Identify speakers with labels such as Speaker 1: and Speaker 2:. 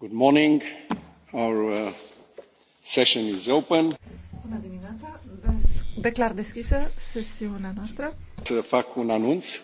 Speaker 1: Good morning. Our uh, session is open.
Speaker 2: Bună dimineața. Declar deschisă sesiunea noastră.
Speaker 3: Să fac un anunț